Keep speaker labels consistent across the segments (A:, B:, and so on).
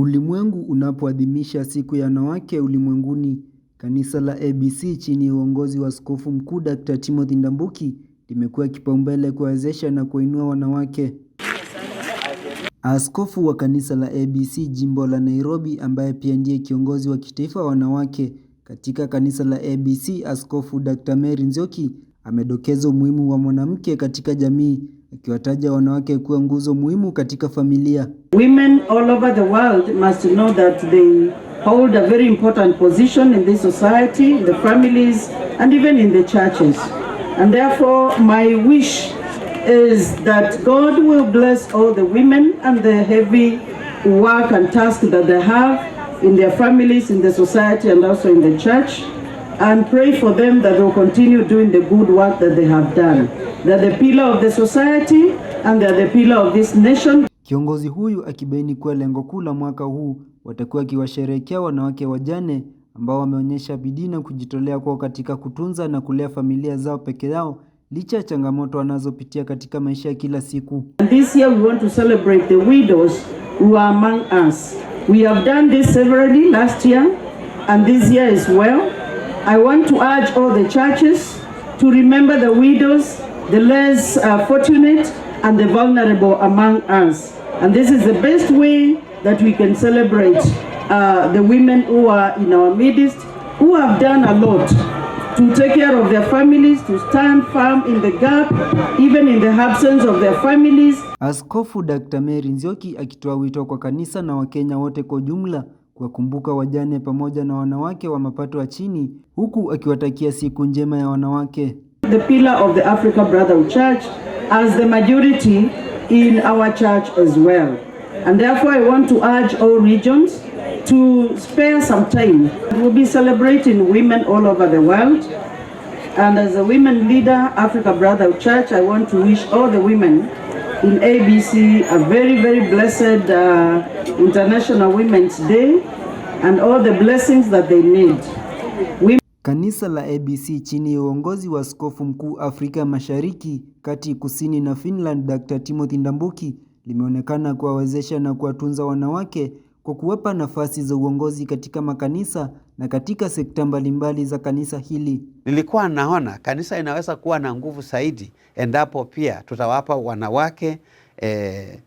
A: Ulimwengu unapoadhimisha siku ya wanawake ulimwenguni, kanisa la ABC chini ya uongozi wa Askofu Mkuu Dr. Timothy Ndambuki limekuwa kipaumbele kuwawezesha na kuwainua wanawake. Askofu wa kanisa la ABC jimbo la Nairobi, ambaye pia ndiye kiongozi wa kitaifa wa wanawake katika kanisa la ABC, Askofu Dr. Mary Nzioki amedokeza umuhimu wa mwanamke katika jamii akiwataja wanawake kuwa nguzo muhimu katika familia.
B: Women all over the world must know that they hold a very important position in this society, in the families and even in the churches. And therefore my wish is that God will bless all the women and the heavy work and task that they have in their families, in the society and also in the church and pray for them that they will continue doing the good work that they have done. They are the pillar of the society and they are the pillar of this nation.
A: Kiongozi huyu akibaini kuwa lengo kuu la mwaka huu watakuwa akiwasherehekea wanawake wajane ambao wameonyesha bidii na kujitolea kwao katika kutunza na kulea familia zao peke yao licha ya changamoto wanazopitia katika maisha ya kila siku.
B: And this year we want to celebrate the widows who are among us. We have done this severally last year and this year as well. I want to urge all the churches to remember the widows, the less uh, fortunate, and the vulnerable among us. And this is the best way that we can celebrate uh, the women who are in our midst, who have done a lot to take care of their families, to stand firm in the gap, even in the absence of their families.
A: Askofu Dr. Mary Nzioki akitoa wito kwa kanisa na Wakenya wote kwa ujumla kuwakumbuka wajane pamoja na wanawake wa mapato ya chini huku akiwatakia siku njema ya wanawake.
B: The pillar of the Africa Brotherhood Church as the majority in our church as well. And therefore I want to urge all regions to spare some time. We'll be celebrating women all over the world. And as a women leader, Africa Brotherhood Church, I want to wish all the women in ABC a very, very blessed uh, International Women's Day and all the blessings that they need.
A: Kanisa la ABC chini ya uongozi wa Askofu Mkuu Afrika Mashariki, Kati, Kusini na Finland, Dr. Timothy Ndambuki limeonekana kuwawezesha na kuwatunza wanawake kwa kuwapa nafasi za uongozi katika makanisa na katika sekta mbalimbali za kanisa hili.
C: Nilikuwa naona kanisa inaweza kuwa na nguvu zaidi endapo pia tutawapa wanawake eh, eh,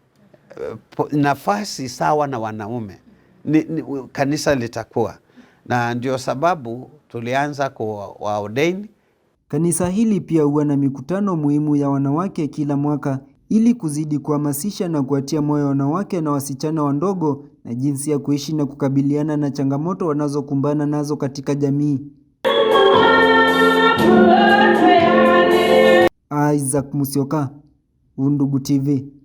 C: nafasi sawa na wanaume ni, ni, kanisa litakuwa na ndio sababu tulianza kuwaordain.
A: Kanisa hili pia huwa na mikutano muhimu ya wanawake kila mwaka ili kuzidi kuhamasisha na kuwatia moyo wanawake na wasichana wandogo na jinsi ya kuishi na kukabiliana na changamoto wanazokumbana nazo katika jamii. Isaac musioka Undugu TV.